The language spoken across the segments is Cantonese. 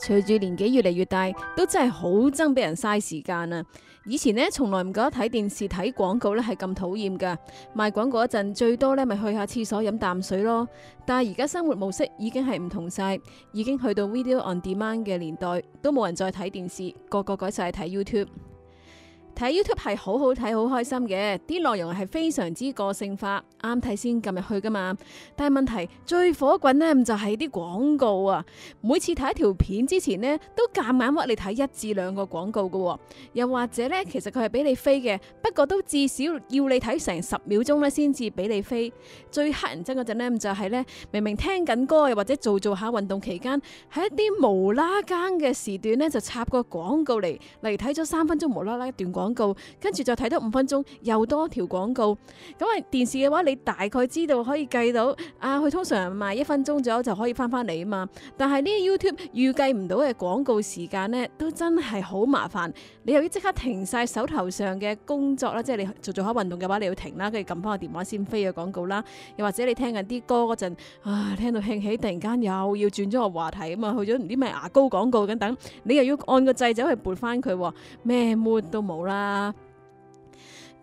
隨住年紀越嚟越大，都真係好憎俾人嘥時間啊！以前呢，從來唔覺得睇電視睇廣告咧係咁討厭噶，賣廣告嗰陣最多咧咪去一下廁所飲啖水咯。但係而家生活模式已經係唔同晒，已經去到 video on demand 嘅年代，都冇人再睇電視，個個改晒睇 YouTube。睇 YouTube 係好好睇，好開心嘅，啲內容係非常之個性化，啱睇先撳入去噶嘛。但係問題最火滾咧，就係啲廣告啊！每次睇一條片之前咧，都夾硬屈你睇一至兩個廣告噶，又或者咧，其實佢係俾你飛嘅，不過都至少要你睇成十秒鐘咧，先至俾你飛。最乞人憎嗰陣咧，就係咧，明明聽緊歌又或者做做下運動期間，喺一啲無啦啦嘅時段咧，就插個廣告嚟，例如睇咗三分鐘無啦啦一段廣告，跟住就睇多五分鐘，又多條廣告。咁啊，電視嘅話，你大概知道可以計到，啊，佢通常賣一分鐘左右就可以翻翻嚟啊嘛。但係呢 YouTube 預計唔到嘅廣告時間呢，都真係好麻煩。你又要即刻停晒手頭上嘅工作啦，即係你做做下運動嘅話，你要停啦，跟住撳翻個電話先飛嘅廣告啦。又或者你聽緊啲歌嗰陣，啊，聽到興起，突然間又要轉咗個話題啊嘛，去咗唔知咩牙膏廣告等等，你又要按個掣走去撥翻佢，咩 mood 都冇啦。啊！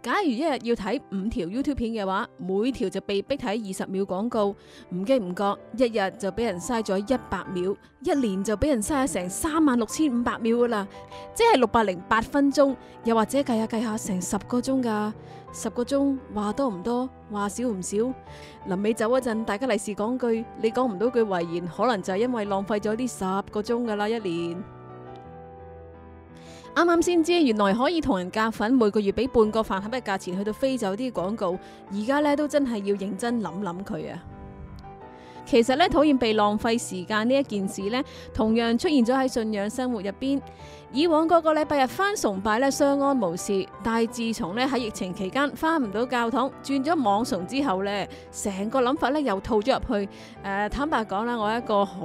假如一日要睇五條 YouTube 片嘅話，每條就被逼睇二十秒廣告，唔經唔覺，一日就俾人嘥咗一百秒，一年就俾人嘥咗成三萬六千五百秒噶啦，即係六百零八分鐘，又或者計下計下，成十個鐘噶，十個鐘話多唔多，話少唔少。臨尾走嗰陣，大家嚟試講句，你講唔到句遺言，可能就係因為浪費咗呢十個鐘噶啦，一年。啱啱先知，原來可以同人夾份，每個月俾半個飯盒嘅價錢去到飛走啲廣告，而家咧都真係要認真諗諗佢啊！其實咧討厭被浪費時間呢一件事呢，同樣出現咗喺信仰生活入邊。以往嗰個禮拜日翻崇拜咧相安無事，但係自從咧喺疫情期間翻唔到教堂，轉咗網崇之後咧，成個諗法咧又套咗入去。誒、呃，坦白講啦，我係一個好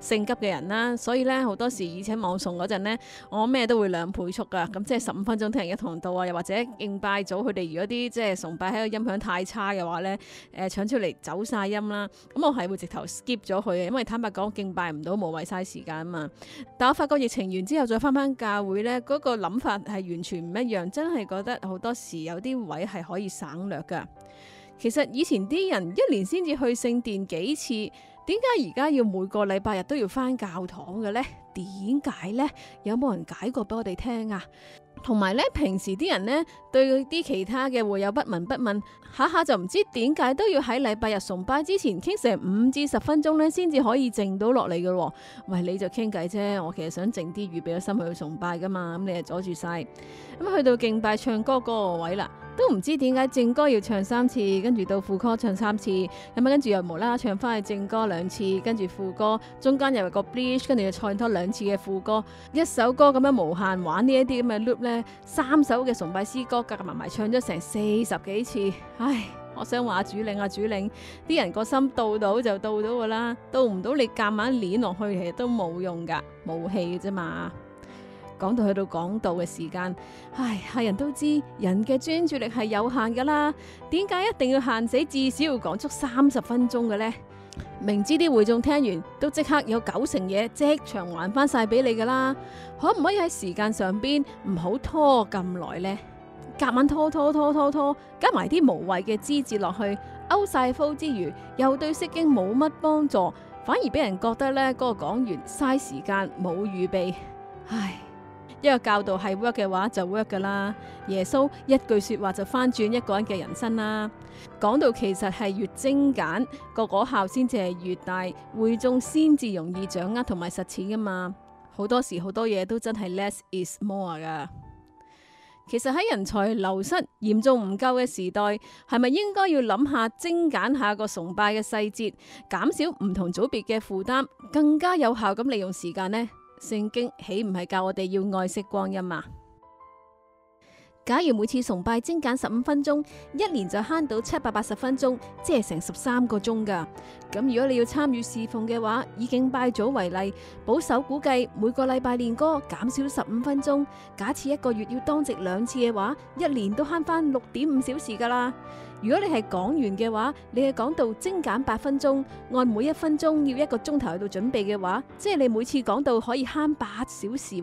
性急嘅人啦，所以咧好多時以前網崇嗰陣呢，我咩都會兩倍速噶，咁即係十五分鐘聽人一堂道啊，又或者敬拜組佢哋如果啲即係崇拜喺個音響太差嘅話咧，誒、呃、搶出嚟走晒音啦，咁我係會直頭 skip 咗佢嘅，因為坦白講敬拜唔到冇謂嘥時間啊嘛。但我發覺疫情完之後再翻。翻教會呢，嗰、嗰個諗法係完全唔一樣，真係覺得好多時有啲位係可以省略噶。其實以前啲人一年先至去聖殿幾次，點解而家要每個禮拜日都要翻教堂嘅呢？點解呢？有冇人解過俾我哋聽啊？同埋咧，平時啲人呢，對啲其他嘅會友不聞不問，下下就唔知點解都要喺禮拜日崇拜之前傾成五至十分鐘呢，先至可以靜到落嚟嘅。喂，你就傾偈啫，我其實想靜啲預備咗心去崇拜噶嘛。咁你就阻住晒，咁去到敬拜唱歌個位啦，都唔知點解正歌要唱三次，跟住到副歌唱三次，咁啊跟住又無啦啦唱翻去正歌兩次，跟住副歌中間又有個 bridge，跟住又唱多兩次嘅副歌，一首歌咁樣無限玩呢一啲咁嘅 loop 三首嘅崇拜詩歌夾埋埋唱咗成四十幾次，唉！我想話主領呀主領，啲人個心到到就到到噶啦，到唔到你夾硬捻落去，其實都冇用噶，冇氣嘅啫嘛。講到去到講道嘅時間，唉，係人都知人嘅專注力係有限噶啦，點解一定要限死至少要講足三十分鐘嘅呢？明知啲會眾聽完都即刻有九成嘢，即場還翻晒俾你㗎啦，可唔可以喺時間上邊唔好拖咁耐呢？夾硬拖拖拖拖拖，加埋啲無謂嘅枝節落去，勾晒膚之餘，又對釋經冇乜幫助，反而俾人覺得呢嗰、那個講員嘥時間冇預備，唉。一個教導係 work 嘅話就 work 噶啦，耶穌一句說話就翻轉一個人嘅人生啦。講到其實係越精簡，個果效先至係越大，會眾先至容易掌握同埋實踐噶嘛。好多時好多嘢都真係 less is more 噶。其實喺人才流失嚴重唔夠嘅時代，係咪應該要諗下精簡下個崇拜嘅細節，減少唔同組別嘅負擔，更加有效咁利用時間呢？聖經豈唔係教我哋要愛惜光陰啊？假如每次崇拜精簡十五分鐘，一年就慳到七百八十分鐘，即係成十三個鐘噶。咁如果你要參與侍奉嘅話，以敬拜組為例，保守估計每個禮拜練歌減少十五分鐘。假設一個月要當值兩次嘅話，一年都慳翻六點五小時噶啦。如果你係講完嘅話，你係講到精簡八分鐘，按每一分鐘要一個鐘頭喺度準備嘅話，即係你每次講到可以慳八小時。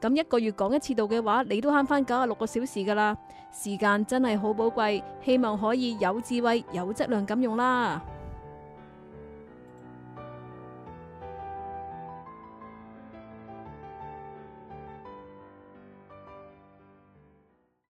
咁一個月講一次度嘅話，你都慳翻九十六個小時。噶啦，時間真係好寶貴，希望可以有智慧、有質量咁用啦。